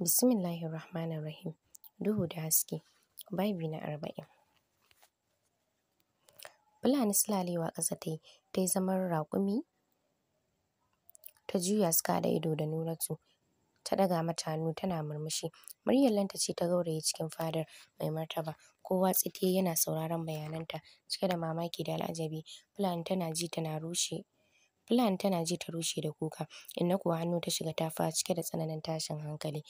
Bismillahir Rahmanir Rahim. Duhu da haske. Babi na arba'in. Fulani sulalewa ƙasa ta yi, ta zaman raƙumi, ta juya suka da ido da Nuratu, ta ɗaga mata hannu tana murmushi. maryam lanta ce ta gauraye cikin fadar mai martaba, kowa tsite yana sauraron bayananta cike da mamaki da al'ajabi. Fulani tana ji tana rushe Fulani tana ji ta rushe da kuka, inna kuwa hannu ta shiga ta fara cike da tsananin tashin hankali.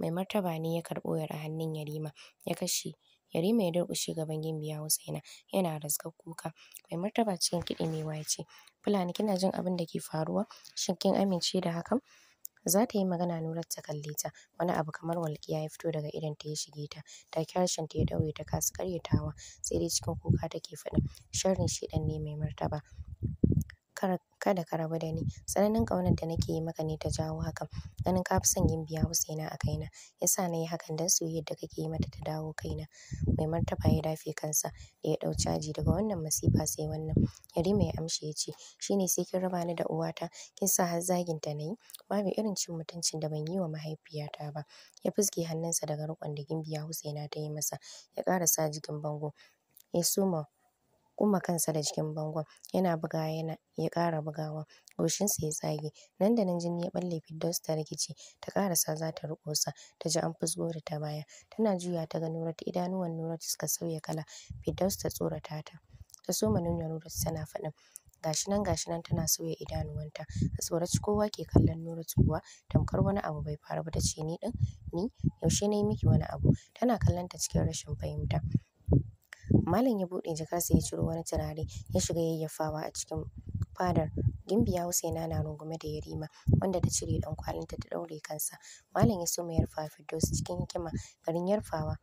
mai martaba ne ya karɓo yar a hannun Yarima ya kashe. Yarima ya durƙushe gaban gimbiya ina yana rasgar kuka. Mai martaba cikin mai ya ce, Fulani kina jin abin da ke faruwa? Shin kin amince da hakan? Za ta yi magana nurar ta kalle ta, wani abu kamar walƙiya ya fito daga ta ya shige ta, take ta ya daure ta kasa ƙaryatawa, sai dai cikin kuka take faɗin, sharrin shi ne mai martaba. kada ka rabu da ni. Tsananin ƙaunar da nake yi maka ne ta jawo hakan. Ganin ka fi son yin biya Hussaina a kaina, ya sa na yi hakan don soyayyar da kake yi mata ta dawo kaina. Mai martaba ya dafe kansa da ya ɗau caji daga wannan masifa sai wannan. Yarima ya amshi ya ce, shi ne sai kin raba ni da uwata, kin sa har ta na yi? Babu irin cin mutuncin da ban yi wa mahaifiyata ba. Ya fuske hannunsa daga riƙon da gimbiya Hussaina ta yi masa, ya ƙara sa jikin bango. Ya suma kuma kansa da jikin bangon yana bugawa yana ya ƙara bugawa sa ya tsage nan da nan jini ya ɓalle sa ta rikice ta ƙarasa za ta riƙo sa ta ji an fusgo da ta baya tana juya ta ga Nurat idanuwan Nurat suka sauya kala Firdaus ta tsorata ta ta soma nuna Nurat tana faɗin gashi nan gashi nan tana sauya idanuwanta a tsorace kowa ke kallon Nurat kuwa tamkar wani abu bai faru ba tace ni din ni yaushe nayi miki wani abu tana kallon ta cikin rashin fahimta Malam ya buɗe jakarsa ya ciro wani turare ya shiga yayyafawa a cikin fadar. Gimbiya Husaina na rungume da Yarima wanda ta cire ɗankwalinta ta ɗaure kansa. Malam ya soma yarfawa Firdaus cikin hikima garin yarfawa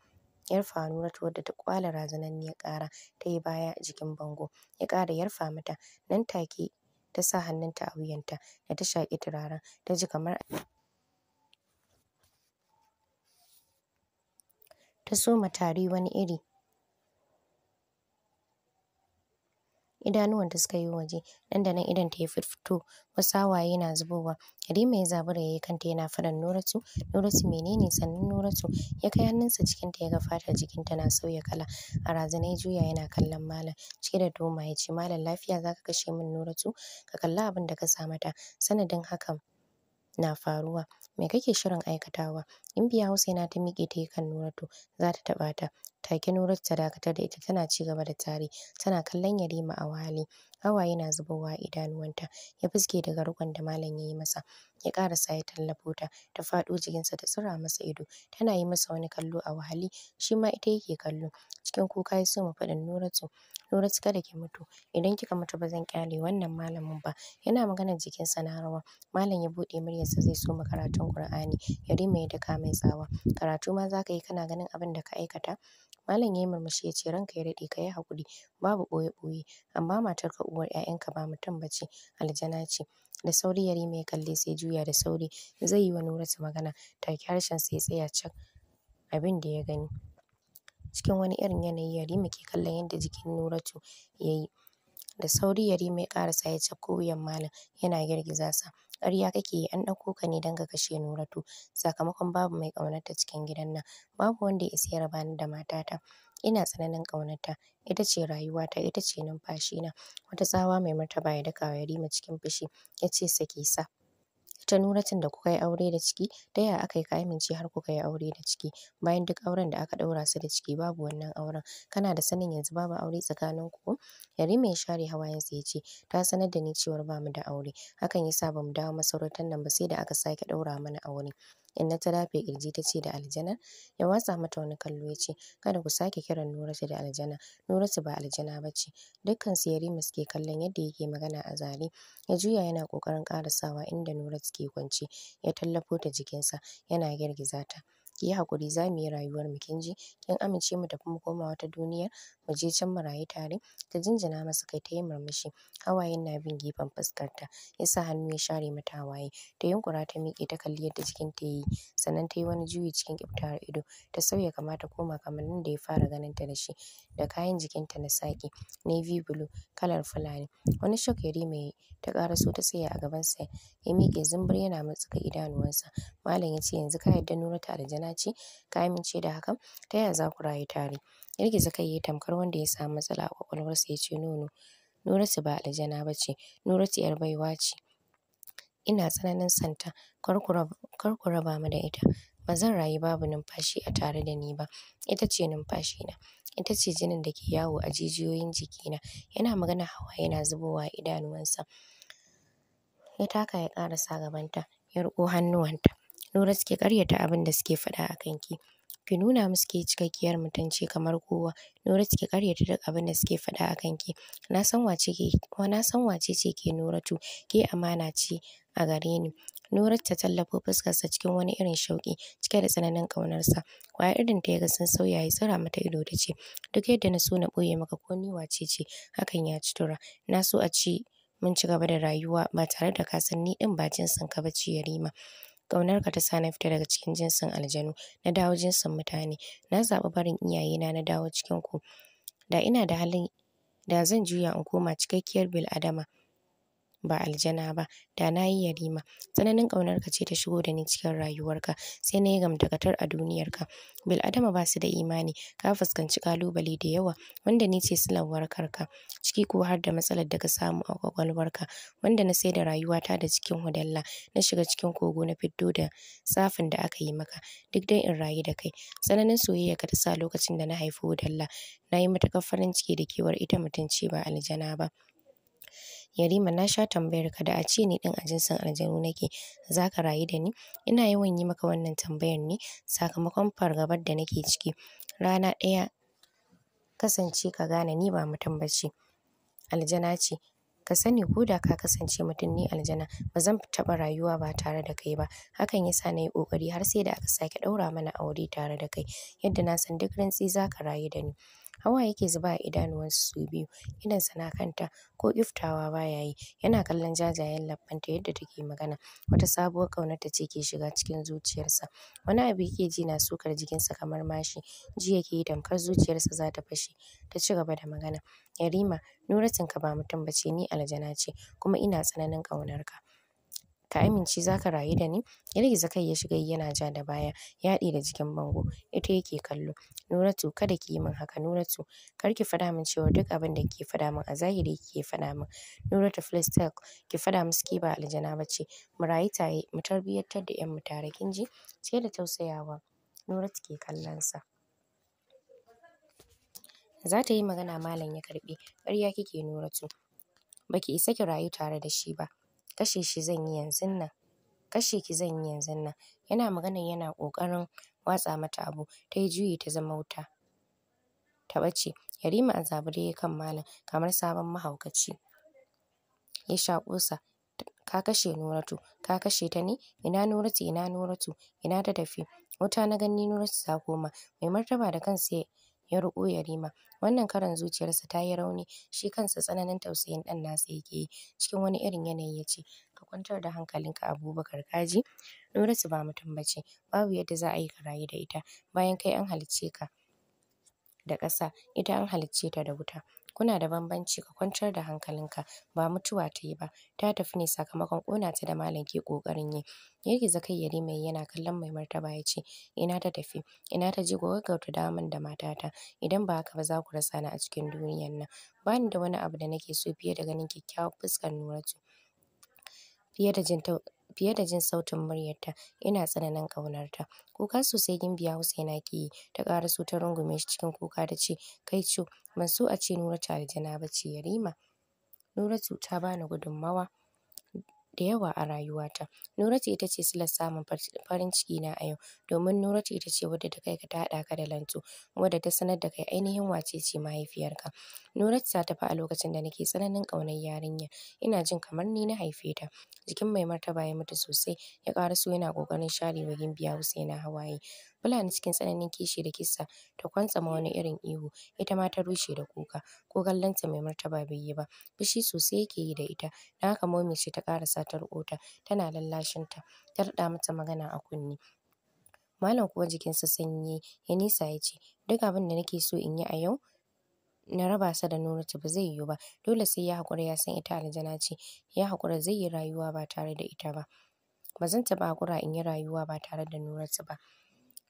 yarfawa Nuratu wadda ta razanan ya ƙara ta yi baya a jikin bango. Ya ƙara yarfa mata nan take ta sa hannunta a wuyanta da ta shaƙi turaren ta ji kamar ta soma tari wani iri idanuwan ta suka yi waje nan da nan idan ta yi fito wasu hawaye na zubowa Halima ya zabura ya yi kanta yana faɗin Nuratu Nuratu menene sannan Nuratu ya kai hannunsa cikin ta ya ga fatar jikinta na sauya kala a razana juya yana kallon malam cike da doma ya ce malam lafiya zaka kashe min Nuratu ka kalla abin da ka sa mata sanadin hakan na faruwa? Me kake shirin aikatawa? In Hausa hausaina ta miƙe ta yi kan Nuratu za ta taɓa ta. Take Nuratu ta dakatar da ita tana cigaba da tari, tana kallon Yarima a wahale. hawaye yana zubowa a idanuwanta, ya fiske daga riƙon da malam ya yi masa, ya ƙarasa ya tallafo ta, ta faɗo jikinsa ta tsira masa ido, tana yi masa wani kallo a wahali shi ma ita yake kallo, cikin kuka ya so mu faɗin Nuratu, Nuratu kada ki mutu, idan kika mutu ba zan ƙyale wannan malamin ba, yana maganar jikinsa na rawa, malam ya buɗe muryarsa zai soma karatun Ƙur'ani, Yarima ya daka mai tsawa, karatu ma zaka yi kana ganin abin da ka aikata? Malam ya yi murmushi ya ce, Ranka ya daɗe ka yi haƙuri, babu ɓoye-ɓoye, amma matarka uwar ‘ya'yanka ba mutum ba ce, aljana ce. Da sauri Yarima ya kalle sai juya da sauri zai yi wa Nuratu magana, take harshensa ya tsaya cak abin da ya gani. Cikin wani irin yanayi Yarima ke kallon yadda jikin Nuratu ya yi. Da sauri Yarima ya ƙarasa ya cakko wuyan malam, yana girgiza sa. "Ƙarya kake yi, an ɗauko ka ne don ka kashe Nuratu, sakamakon babu mai ƙaunarta cikin gidan nan. Babu wanda ya isa ya raba ni da matata. Ina tsananin ƙaunarta, ita ce rayuwata, ita ce numfashina." Wata tsawa mai martaba ya daka wa Yarima cikin fushi, ya ce, "Sake sa!" tanuratin da kuka yi aure da ciki ta yaya aka yi ka amince har kuka yi aure da ciki bayan duk auren da aka ɗaura su da ciki babu wannan auren kana da sanin yanzu babu aure tsakanin ku Yarima ya share hawayensa ya ce ta sanar da ni cewar ba mu da aure hakan yasa ba mu dawo masarautar nan ba sai da aka sake ɗaura mana aure Inna ta dafe kirji ta ce da aljana ya watsa mata wani kallo ya ce kada ku sake kiran Nuratu da aljana. Nuratu ba aljana ba ce. Dukkan su Yarima suke kallon yadda yake magana a zare. Ya juya yana ƙoƙarin sawa inda Nuratu ke kwance ya tallafo ta jikinsa yana girgiza ta. ki hakuri zamu za mu yi rayuwar mu kin kin amince mu tafi mu koma wata duniya mu je can mu rayu tare ta jinjina masa kai ta yi murmushi hawayen na bin gefen fuskar ta ya sa hannu ya share mata hawaye ta yunkura ta miƙe ta kalli yadda jikin ta yi sannan ta yi wani juyi cikin ƙiftawar ido ta sauya kama ta koma kamannin da ya fara ganin ta da shi da kayan jikin ta na saƙi navy blue kalar fulani wani shock ya mai ta ƙaraso ta tsaya a gaban sa ya miƙe zumbur yana mutsuka idanuwansa malam ya ce yanzu ka yarda Nura ta aljanna. na ce ka amince da hakan ta yaya za ku rayu tare girgiza kai yayi tamkar wanda ya samu matsala a kwakwalwarsa ya ce nono Nuratu ba aljana ba ce Nuratu yar baiwa ce ina tsananin santa kar ku raba mu da ita ba zan rayu babu numfashi a tare da ni ba ita ce numfashina ita ce jinin da ke yawo a jijiyoyin jikina yana magana hawa yana zubowa idanuwansa ya taka ya ƙarasa gabanta ya riƙo hannuwanta Nura suke karyata abin da suke faɗa a kanki. Ki nuna musu ke cikakkiyar mutunci kamar kowa. Nura suke karyata duk abin da suke faɗa a kanki. Na san wace ke na san wace ce ke Nuratu. Ke amana ce a gare ni. Nurat ta tallafo fuskarsa cikin wani irin shauƙi, cike da tsananin ƙaunarsa. Kwaya irin ta yaga sun sauya ya tsira mata ido ta ce, Duk yadda na so na ɓoye maka ko ni wace ce, hakan ya ci tura. Na so a ci mun ci gaba da rayuwa ba tare da ka san ni ɗin ba jinsin ka ba ce Yarima. Ƙaunarka ta sa na fita daga cikin jinsin aljanu, na dawo jinsin mutane. Na zaɓi barin iyayena na dawo cikin ku. Da ina da halin da zan juya in koma cikakkiyar bil'adama. ba aljana ba da na yi yarima tsananin ƙaunarka ce ta shigo da ni cikin rayuwarka sai na yi gamtakatar a duniyarka Bil adama ba su da imani ka fuskanci kalubale da yawa wanda ni ce silar warkarka ciki ko har da matsalar da ka samu a ƙwaƙwalwarka wanda na sai da rayuwata da cikin hudalla na shiga cikin kogo na fiddo da tsafin da aka yi maka duk dai in rayu da kai tsananin soyayya ka ta sa lokacin da na haifi hudalla na yi matuƙar farin ciki da kewar ita mutum ce ba aljana ba Yarima na sha tambayar ka da a ce ni ɗin a jinsin aljanu nake za ka rayu da ni? Ina yawan yi maka wannan tambayar ne sakamakon fargabar da nake ciki. Rana ɗaya kasance ka gane ni ba mutum ba ce, aljana ce. Ka sani ko da ka kasance mutum ne aljana ba zan taɓa rayuwa ba tare da kai ba. Hakan ya sa na yi ƙoƙari har sai da aka sake ɗaura mana aure tare da kai yadda na san duk rantsi za ka rayu da ni. Hawa yake zuba a idanuwansa su biyu, idonsa na kanta, ko iftawa ba yi, yana kallon jajayen labbanta yadda take magana, wata sabuwar ƙaunarta ce ke shiga cikin zuciyarsa. Wani abu yake ji na sukar jikinsa kamar mashi, ji yake yi tamkar zuciyarsa za ta fashe. Ta ci gaba da magana, Yarima, Nuratin ka ba mutum ba ce, ni aljana ce, kuma ina tsananin ƙaunarka. ka amince za ka rayu da ni? Girgiza kai ya shiga yana ja da baya, yaɗi da jikin bango. Ita yake kallo. Nuratu kada ki yi min haka Nuratu. Kar ki faɗa min cewa duk abin da kike faɗa min a zahiri kike faɗa min. Nuratu please Ki faɗa musu ke ba aljana ba ce. Mu rayu tare, mu tarbiyyantar da yan tare kin ji? ce da tausayawa Nuratu ke kallonsa. Za ta yi magana malam ya karɓe. Ƙarya kike Nuratu. Ba ki isa ki rayu tare da shi ba. kashe shi zan yi yanzun nan, kashe ki zan yi yanzun nan. Yana maganar yana ƙoƙarin watsa mata abu, ta yi juyi ta zama wuta, ta ɓace. Yarima a zabure ya kan malam kamar sabon mahaukaci. Ya shaƙo sa, ka kashe Nuratu, ka kashe ta ne? Ina Nuratu, ina Nuratu, ina ta tafi? Wuta na ganni Nuratu ta koma. Mai martaba da kansa ya ya ya Yarima. Wannan karan zuciyarsa ta yi rauni, shi kansa tsananin tausayin dan nasa yake yi. Cikin wani irin yanayi ya ce, Ka kwantar da hankalinka Abubakar kaji nurasu Nuratu ba mutum ba babu yadda za a yi ka rayu da ita, bayan kai an halicce ka da ƙasa, ita an halicce ta da wuta. Kuna da bambanci, ka kwantar da hankalinka. Ba mutuwa ta yi ba. Ta tafi ne sakamakon kona ta da malam ke ƙoƙarin yi. Girgiza kai Yarima mai yana kallon Mai Martaba ya ce, Ina ta tafi? Ina ta je? Ku gaggauta dawo da matata. Idan ba haka ba za ku rasa ni a cikin duniyar nan. Ba ni da wani abu da nake so fiye da ganin kyakkyawan fuskar Nuratu. Fiye da jin fiye da jin sautin muryarta, ina tsananin ƙaunarta. Kuka sosai gimbiya Husaina ke yi, ta ƙaraso ta rungume shi cikin kuka ta ce, Kai co, ban so a ce Nuratu aljana ba ce Yarima. Nuratu ta bani gudummawa. gudunmawa da yawa a rayuwata. Nuratu ita ce silar samun farin ciki na a yau, domin Nuratu ita ce wadda ta kai ka ta haɗa ka da lantu wadda ta sanar da kai ainihin wace ce mahaifiyarka. Nuratu ta tafi a lokacin da nake tsananin ƙaunar yarinya, Ina jin kamar ni na haife ta. Jikin Mai Martaba ya mutu sosai, ya ƙaraso yana ƙoƙarin share wa Gimbiya yana hawaye. Fulani cikin tsananin kishi da kisa ta kwantsama wani irin ihu, ita ma ta rushe da kuka, ko kallonta Mai Martaba bai yi ba, fushi sosai yake yi da ita, don haka Momi ce ta ƙarasa ta riƙo tana lallashinta, ta raɗa mata magana a kunne. Malam kuwa jikinsa sanyi ya ya nisa ya ce, duk abin da nake so in yi a yau, na raba sa da Nuratu ba zai yiwu ba, dole sai ya haƙura ya san ita aljana ce, ya haƙura zai yi rayuwa ba tare da ita ba. Ba zan taɓa haƙura in yi rayuwa ba tare da Nuratu ba.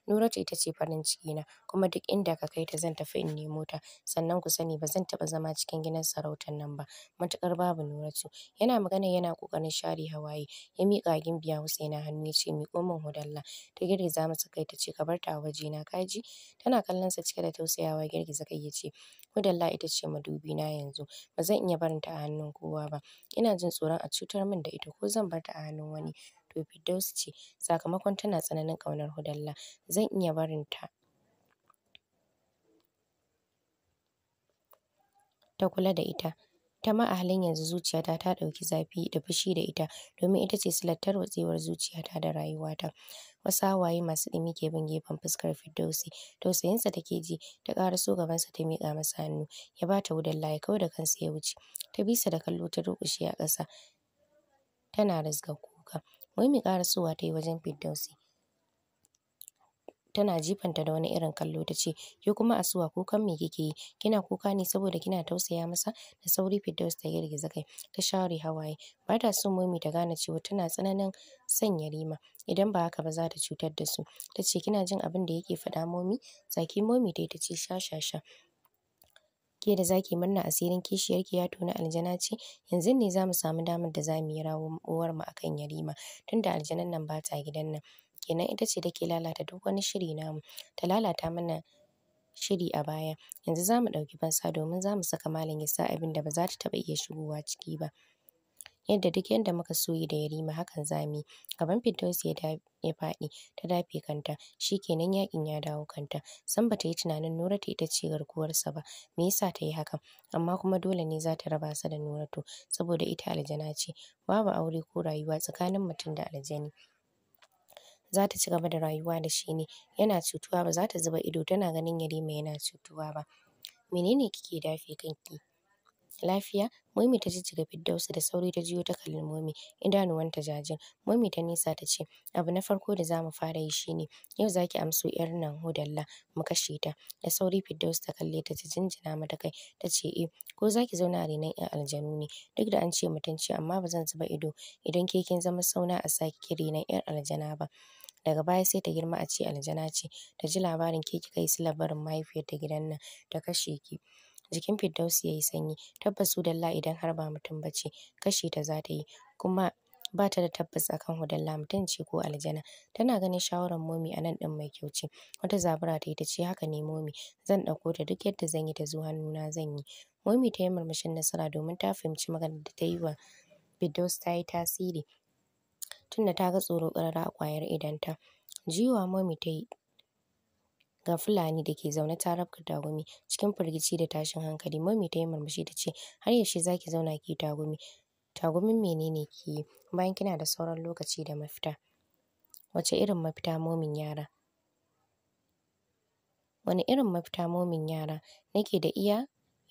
Nura ce farin ciki na, kuma duk inda ka kai ta zan tafi in nemo ta. Sannan ku sani ba zan taɓa zama cikin gidan sarautar nan ba, matukar babu Nuratu. Yana magana yana ƙoƙarin share hawaye, ya miƙa wa Gimbiya na hannu ya ce miƙo min hudalla. Ta girgiza masa kai ta ce ka bar ta a wajena ka ji? Tana kallon sa cike da tausayawa girgiza kai ya ce hudalla ita ce madubi na yanzu. Ba zan iya barin ta a hannun kowa ba. Ina jin tsoron a cutar min da ita ko zan bar ta a hannun wani. to Fiddausi ce sakamakon tana tsananin ƙaunar Hudalla. Zan iya barin ta kula da ita. ta ma a halin yanzu zuciyata ta ɗauki zafi da fushi da ita domin ita ce silar tarwatsewar zuciyata da rayuwata. Wasu hawaye masu ɗumi ke bin gefen fuskar Firdausi. Tausayinsa take ji, ta ƙaraso gabansa ta miƙa masa hannu. Ya ba ta Hudalla ya kau da kansa ya wuce. Ta bisa da kallo ta durƙushe a ƙasa tana rasgako Momi ƙarasowa ta yi wajen Firdausi. Tana jifanta da wani irin kallo ta ce, Ke kuma Asuwa kukan me kike yi? Kina kuka ne saboda kina tausaya masa? Da sauri Firdaus ta yi girgiza kai, ta share hawaye. Ba ta so Momi ta gane cewa tana tsananin son Yarima, idan ba haka ba za ta cutar da su. Ta ce, Kina jin abin da yake faɗa Momi? zaki Momi ta yi ta ce, Sha sha sha. Ke da zaki murna asirin kishiyar ki ya tona aljana ce, yanzu ne zamu samu damar da zamu mu yi rawar mu akan Yarima tunda aljanan nan ba ta gidan nan. Kenan ita ce take lalata duk wani shiri namu, ta lalata mana shiri a baya. Yanzu zamu mu ɗauki fansa domin zamu saka Malam ya sa abin da ba za ta taɓa iya shigowa ciki ba. yadda duk yadda muka so yi da Yarima hakan za yi. Gaban Firdausi ya ya faɗi ta dafe kanta shi kenan yaƙin ya dawo kanta. Sam ba ta yi tunanin Nuratu ita ce garkuwarsa ba me yasa ta yi hakan amma kuma dole ne za ta raba sa da Nuratu saboda ita aljana ce babu aure ko rayuwa tsakanin mutum da aljani. za ta ci gaba da rayuwa da shi ne yana cutuwa ba za ta zuba ido tana ganin Yarima yana cutuwa ba menene kike dafe kanki Lafiya? Momi ta jijjiga Fiddausi da sauri ta jiyo ta kalli Momi, ta jajir. Momi ta nesa ta ce, "Abu na farko da zamu fara yi shine, yau zaki amso 'yar nan hodalla. mu kashe ta." Da sauri Fiddausi ta kalle ta ta jinjina mata kai ta ce, "Eh, ko zaki zauna a renon 'yan aljanu ne? Duk da an ce mutum ce amma bazan zuba ido idan ke kin zama sauna a saki ki renon 'yar aljana ba." daga baya sai ta girma a ce aljana ce ta ji labarin ke kika yi silabarin mahaifiyar mahaifiyarta gidan nan ta kashe ki Jikin Firdaus ya yi sanyi. Tabbas Hudalla idan har ba mutum ba ce, kashe ta za ta yi. Kuma ba ta da tabbas akan Hudalla mutum ce ko aljana. Tana ganin shawarar Momi a nan ɗin mai kyau ce. Wata zabura ta yi ta ce haka ne Momi. Zan ɗauko ta duk yadda zan yi ta zo hannuna zan yi. Momi ta yi murmushin nasara domin ta fahimci maganar da ta yi wa Firdaus ta yi tasiri. Tunda ta ga tsoro ƙarara a ƙwayar ta. Jiwa Momi ta yi ga Fulani da ke zaune ta rabka tagumi cikin firgici da tashin hankali. Momi ta yi murmushi ta ce, “Har yaushe za ki zauna ki yi tagumi? Tagumin mene ki yi, bayan kina da sauran lokaci da mafita?” Wace irin mafita momin yara? Wane irin mafita momin yara? Nake da iya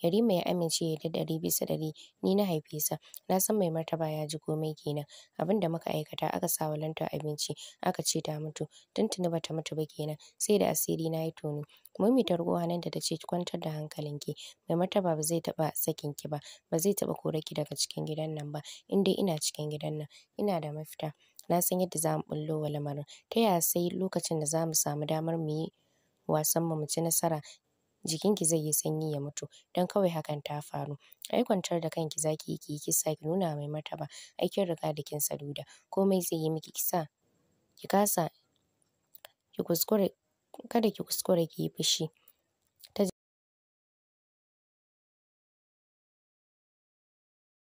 Yarima ya amince da ɗari bisa ɗari ni na haife sa. Na san mai martaba ya ji komai kenan. Abin da muka aikata aka sa walanta abinci aka ce ta mutu. Tuntuni bata mutu ba kenan sai da asiri na ya tonu. Mummy ta nan da ta ce kwantar da hankalinki. Mai martaba ba zai taba sakin ki ba. Ba zai taɓa kore ki daga cikin gidan nan ba. In dai ina cikin gidan nan ina da mafita. Na san yadda za mu ɓullo wa lamarin. Ta ya sai lokacin da za mu samu damar mu yi wasan mu mu ci nasara jikinki zai yi sanyi ya mutu don kawai hakan ta faru. Ai kwantar da kanki zaki yi ki yi kisa ki nuna mai martaba ai kin riga da kin saluda komai zai yi miki kisa ki kasa ki kuskure kada ki kuskure ki yi fushi.